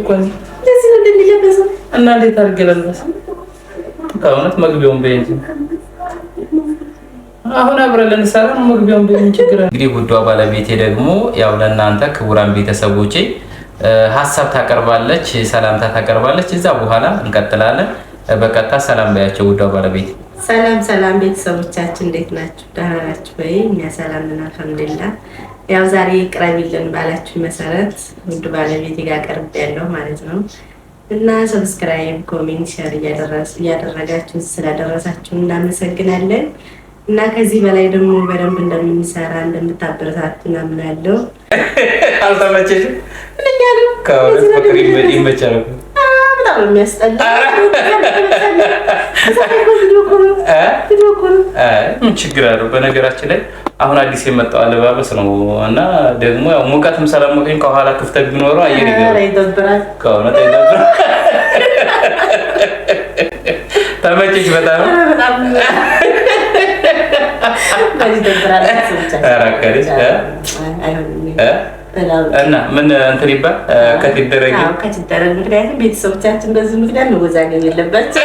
እኮ እንደዚህ ነው እና እንዴት አድርገህ ለበሰው? ከእውነት መግቢያውን በይ እንጂ አሁን አብረን ልንሰራ ነው። መግቢያውን በይ ችግር እንግዲህ ውዷ ባለቤቴ ደግሞ ያው ለእናንተ ክቡራን ቤተሰቦቼ ሀሳብ ታቀርባለች፣ ሰላምታ ታቀርባለች። እዛ በኋላ እንቀጥላለን። በቀጥታ ሰላም በያቸው ውዷ ባለቤቴ። ሰላም ሰላም ቤተሰቦቻችን እንዴት ናችሁ? ደህና ናችሁ ወይ? እኛ ሰላም ነን አልሐምዱሊላህ ያው ዛሬ ቅረቢልን ባላችሁ መሰረት ውድ ባለቤት ጋር ቀርብ ያለው ማለት ነው እና ሰብስክራይብ፣ ኮሜንት፣ ሸር እያደረጋችሁ ስላደረሳችሁ እናመሰግናለን። እና ከዚህ በላይ ደግሞ በደንብ እንደምንሰራ እንደምታበረታት እናምናለሁ። አልተመቸሽም? በጣም የሚያስጠላ ችግር አለው? በነገራችን ላይ አሁን አዲስ የመጣው አለባበስ ነው እና ደግሞ ያው ሙቀትም ሰላሞኝ ከኋላ ክፍተት ቢኖረው አየር ይደብራል። ከእውነት ተመቸሽ በጣም እና ምን እንትን ይባል ከትደረግ ምክንያቱም ቤተሰቦቻችን በዚህ ምክንያት መወዛገብ የለባቸው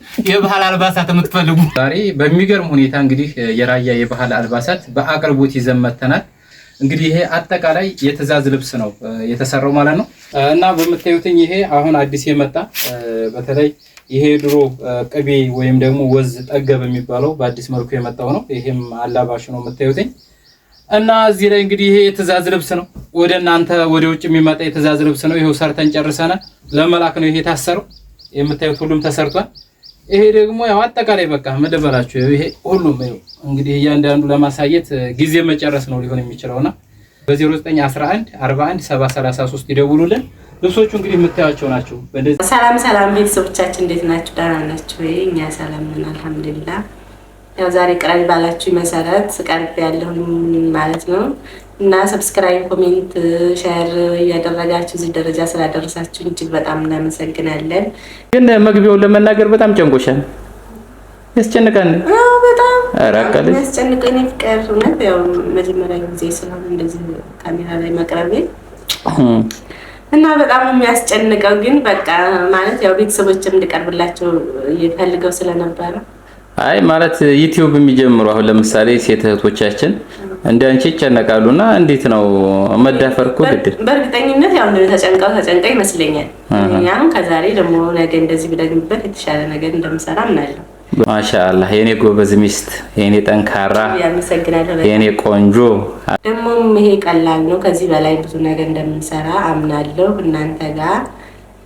የባህል አልባሳት የምትፈልጉ ዛሬ በሚገርም ሁኔታ እንግዲህ የራያ የባህል አልባሳት በአቅርቦት ይዘን መጥተናል። እንግዲህ ይሄ አጠቃላይ የትዕዛዝ ልብስ ነው የተሰራው ማለት ነው እና በምታዩትኝ ይሄ አሁን አዲስ የመጣ በተለይ ይሄ ድሮ ቅቤ ወይም ደግሞ ወዝ ጠገብ የሚባለው በአዲስ መልኩ የመጣው ነው። ይሄም አላባሽ ነው የምታዩትኝ እና እዚህ ላይ እንግዲህ ይሄ የትዕዛዝ ልብስ ነው። ወደ እናንተ ወደ ውጭ የሚመጣ የትዕዛዝ ልብስ ነው። ይሄው ሰርተን ጨርሰናል። ለመላክ ነው ይሄ የታሰረው። የምታዩት ሁሉም ተሰርቷል። ይሄ ደግሞ ያው አጠቃላይ በቃ ምን ልበላችሁ፣ ይሄ ሁሉም እንግዲህ እያንዳንዱ ለማሳየት ጊዜ መጨረስ ነው ሊሆን የሚችለውና በ0911 41 733 ይደውሉልን። ልብሶቹ እንግዲህ የምታያቸው ናቸው። ሰላም ሰላም ቤተሰቦቻችን እንዴት ናችሁ? ደህና ናችሁ ወይ? እኛ ሰላም ነን አልሐምዱሊላህ። ያው ዛሬ ቅረቢ ባላችሁ መሰረት ቀርብ ያለሁ ማለት ነው እና ሰብስክራይብ፣ ኮሜንት፣ ሼር እያደረጋችሁ እዚህ ደረጃ ስላደረሳችሁ እጅግ በጣም እናመሰግናለን። ግን መግቢያውን ለመናገር በጣም ጨንቆሻል። ያስጨንቃል። በጣም ያስጨንቀኝ ፍቅር እውነት ያው መጀመሪያ ጊዜ ስለሆነ እንደዚህ ካሜራ ላይ መቅረቤ እና በጣም የሚያስጨንቀው ግን በቃ ማለት ያው ቤተሰቦችም እንድቀርብላቸው ፈልገው ስለነበረ አይ ማለት ዩቲዩብ የሚጀምሩ አሁን ለምሳሌ ሴት እህቶቻችን እንደ አንቺ ይጨነቃሉና እንዴት ነው መዳፈርኩ? ግድ በእርግጠኝነት ያው ተጨንቀው ተጨንቀ ይመስለኛል። ያም ከዛሬ ደግሞ ነገ እንደዚህ ብለግንበት የተሻለ ነገር እንደምሰራ ምናለው። ማሻአላህ የኔ ጎበዝ ሚስት፣ የኔ ጠንካራ፣ የኔ ቆንጆ። ደግሞም ይሄ ቀላል ነው። ከዚህ በላይ ብዙ ነገር እንደምንሰራ አምናለሁ እናንተ ጋር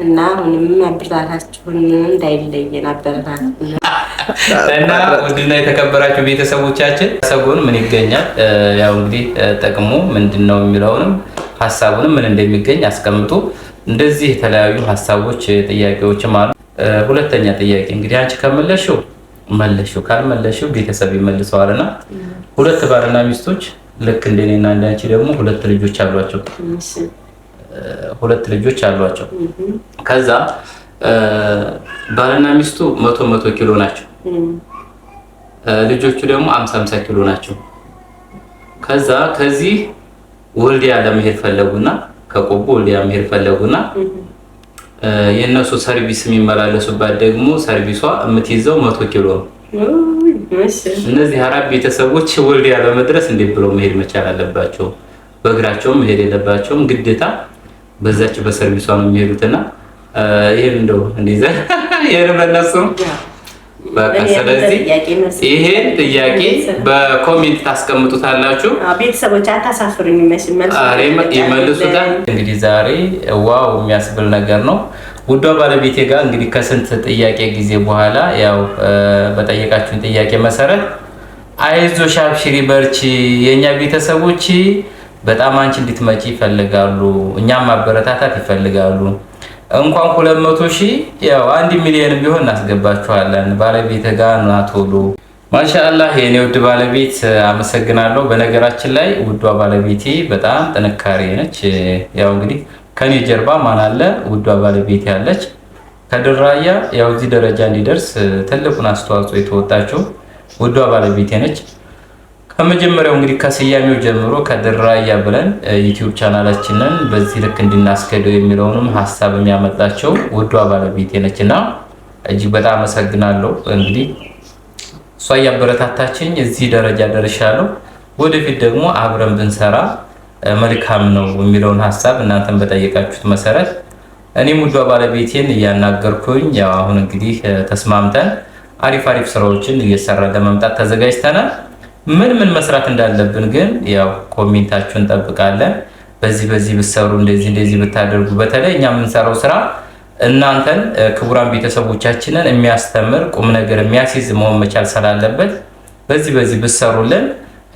እና አሁንም አብርታታችሁን እንዳይለየን አበረታ እና ውድና የተከበራችሁ ቤተሰቦቻችን ሰጎን ምን ይገኛል፣ ያው እንግዲህ ጥቅሙ ምንድን ነው የሚለውንም ሀሳቡንም ምን እንደሚገኝ አስቀምጡ። እንደዚህ የተለያዩ ሀሳቦች ጥያቄዎችም አሉ። ሁለተኛ ጥያቄ እንግዲህ አንቺ ከመለሽው መለሽው፣ ካልመለሽው ቤተሰብ ይመልሰዋልና ሁለት ባልና ሚስቶች ልክ እንደኔና እንዳንቺ ደግሞ ሁለት ልጆች አሏቸው። ሁለት ልጆች አሏቸው። ከዛ ባልና ሚስቱ መቶ መቶ ኪሎ ናቸው። ልጆቹ ደግሞ አምሳ አምሳ ኪሎ ናቸው። ከዛ ከዚህ ወልዲያ ለመሄድ ፈለጉና ከቆቦ ወልዲያ መሄድ ፈለጉና የእነሱ ሰርቪስ የሚመላለሱባት ደግሞ ሰርቪሷ የምትይዘው መቶ ኪሎ ነው። እነዚህ አራት ቤተሰቦች ወልዲያ ለመድረስ እንዴት ብለው መሄድ መቻል አለባቸው? በእግራቸውም መሄድ የለባቸውም። ግዴታ በዛች በሰርቪሷ ነው የሚሄዱትና ይህም እንደው እንዲዘ ይህን ስለዚህ ይሄን ጥያቄ በኮሜንት ታስቀምጡታላችሁ። ቤተሰቦች አታሳፍሩኝ፣ ይመልሱታል። እንግዲህ ዛሬ ዋው የሚያስብል ነገር ነው። ውዷ ባለቤቴ ጋር እንግዲህ ከስንት ጥያቄ ጊዜ በኋላ ያው በጠየቃችሁን ጥያቄ መሰረት አይዞሽ፣ አብሽሪ፣ በርቺ፣ የእኛ ቤተሰቦች በጣም አንቺ እንድትመጪ ይፈልጋሉ፣ እኛም ማበረታታት ይፈልጋሉ እንኳን ሁለት ሺህ ያው አንድ ሚሊዮን ቢሆን እናስገባችኋለን። ባለቤት ጋር ና ቶሎ። ማሻአላህ የኔ ውድ ባለቤት አመሰግናለሁ። በነገራችን ላይ ውዷ ባለቤቴ በጣም ጥንካሬ ነች። ያው እንግዲህ ከኔ ጀርባ ማን አለ? ውዷ ባለቤቴ ያለች ከድራያ ያው እዚህ ደረጃ እንዲደርስ ትልቁን አስተዋጽኦ የተወጣችው ውዷ ባለቤቴ ነች። ከመጀመሪያው እንግዲህ ከስያሜው ጀምሮ ከድራያ ብለን ዩቲዩብ ቻናላችንን በዚህ ልክ እንድናስገደው የሚለውንም ሀሳብ የሚያመጣቸው ውዷ ባለቤቴ ነች እና እጅግ በጣም አመሰግናለሁ። እንግዲህ እሷ እያበረታታችኝ እዚህ ደረጃ ደርሻለሁ። ወደፊት ደግሞ አብረን ብንሰራ መልካም ነው የሚለውን ሀሳብ እናንተን በጠየቃችሁት መሰረት እኔም ውዷ ባለቤቴን እያናገርኩኝ ያው አሁን እንግዲህ ተስማምተን አሪፍ አሪፍ ስራዎችን እየሰራ ለመምጣት ተዘጋጅተናል። ምን ምን መስራት እንዳለብን ግን ያው ኮሜንታችሁን እንጠብቃለን። በዚህ በዚህ ብትሰሩ እንደዚህ እንደዚህ ብታደርጉ፣ በተለይ እኛ የምንሰራው ስራ እናንተን ክቡራን ቤተሰቦቻችንን የሚያስተምር ቁም ነገር የሚያስይዝ መሆን መቻል ስላለበት በዚህ በዚህ ብትሰሩልን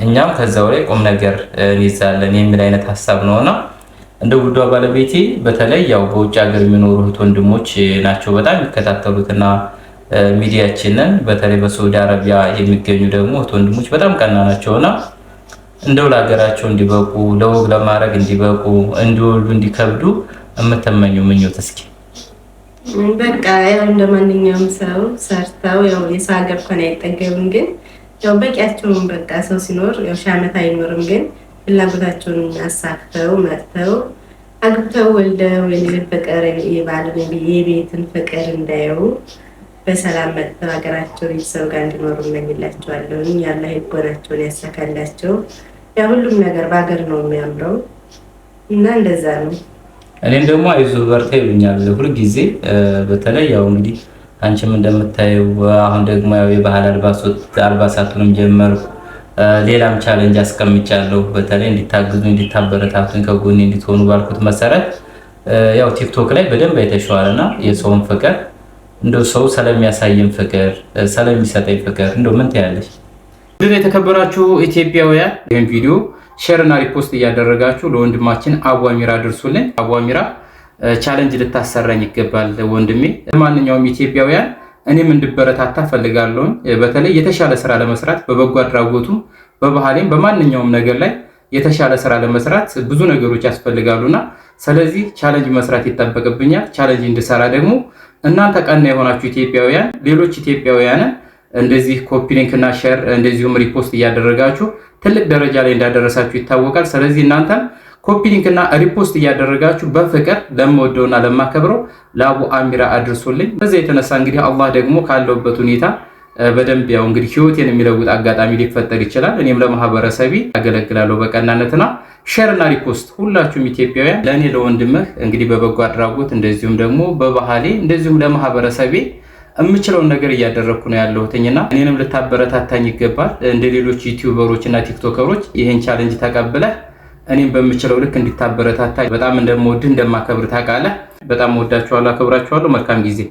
እኛም ከዛው ላይ ቁም ነገር እንይዛለን የሚል አይነት ሀሳብ ነውና እንደ ጉዳዩ ባለቤቴ በተለይ ያው በውጭ ሀገር የሚኖሩ እህት ወንድሞች ናቸው በጣም የሚከታተሉትና ሚዲያችንን በተለይ በሳዑዲ አረቢያ የሚገኙ ደግሞ እህት ወንድሞች በጣም ቀና ናቸውና እንደው ለሀገራቸው እንዲበቁ ለወግ ለማድረግ እንዲበቁ እንዲወልዱ እንዲከብዱ የምትመኙ ምኞት እስኪ በቃ ያው እንደ ማንኛውም ሰው ሰርተው ያው የሰው ሀገር እንኳን አይጠገብም፣ ግን ያው በቂያቸውም በቃ ሰው ሲኖር ያው ሺህ ዓመት አይኖርም፣ ግን ፍላጎታቸውን አሳክተው መጥተው አግብተው ወልደው የልጅ ፍቅር የባልን የቤትን ፍቅር እንዳየው በሰላም መጥተው ሀገራቸው ቤተሰብ ጋር እንዲኖሩ እመኝላቸዋለሁ። ያላ ህጎናቸውን ያሳካላቸው። ያ ሁሉም ነገር በሀገር ነው የሚያምረው እና እንደዛ ነው። እኔም ደግሞ አይዞህ በርታ ይሉኛል ሁልጊዜ። በተለይ ያው እንግዲህ አንቺም እንደምታየው አሁን ደግሞ ያው የባህል አልባሳቱንም ጀመርኩ። ሌላም ቻለንጅ አስቀምጫለሁ። በተለይ እንዲታግዙ፣ እንዲታበረታቱን ከጎኔ እንዲትሆኑ ባልኩት መሰረት ያው ቲክቶክ ላይ በደንብ አይተሸዋል አይተሸዋልና የሰውን ፍቅር እንደው ሰው ስለሚያሳየን ፍቅር ስለሚሰጠኝ ፍቅር እንደው ምን ትያለሽ? ግን የተከበራችሁ ኢትዮጵያውያን ይህን ቪዲዮ እና ሪፖስት እያደረጋችሁ ለወንድማችን አቧሚራ አሚራ ድርሱልን። አቡ ቻለንጅ ልታሰራኝ ይገባል ወንድሜ። ለማንኛውም ኢትዮጵያውያን እኔም እንድበረታታ ፈልጋለሁኝ። በተለይ የተሻለ ስራ ለመስራት በበጎ አድራጎቱ በባህሌም በማንኛውም ነገር ላይ የተሻለ ስራ ለመስራት ብዙ ነገሮች ያስፈልጋሉና ስለዚህ ቻለንጅ መስራት ይጠበቅብኛል። ቻለንጅ እንድሰራ ደግሞ እናንተ ቀና የሆናችሁ ኢትዮጵያውያን ሌሎች ኢትዮጵያውያንን እንደዚህ ኮፒ ሊንክ እና ሼር እንደዚሁም ሪፖስት እያደረጋችሁ ትልቅ ደረጃ ላይ እንዳደረሳችሁ ይታወቃል። ስለዚህ እናንተም ኮፒ ሊንክ እና ሪፖስት እያደረጋችሁ በፍቅር ለምወደውና ለማከብረው ለአቡ አሚራ አድርሶልኝ በዚያ የተነሳ እንግዲህ አላህ ደግሞ ካለውበት ሁኔታ በደንብ ያው እንግዲህ ህይወቴን የሚለውጥ አጋጣሚ ሊፈጠር ይችላል። እኔም ለማህበረሰቤ አገለግላለሁ በቀናነትና ሸርና ሪፖስት ሁላችሁም ኢትዮጵያውያን ለእኔ ለወንድምህ እንግዲህ በበጎ አድራጎት እንደዚሁም ደግሞ በባህሌ እንደዚሁም ለማህበረሰቤ የምችለውን ነገር እያደረግኩ ነው ያለሁትኝና እኔንም ልታበረታታኝ ይገባል። እንደ ሌሎች ዩቲዩበሮች እና ቲክቶከሮች ይህን ቻለንጅ ተቀብለህ እኔም በምችለው ልክ እንድታበረታታኝ በጣም እንደምወድህ እንደማከብር ታውቃለህ። በጣም ወዳችኋለሁ፣ አከብራችኋለሁ። መልካም ጊዜ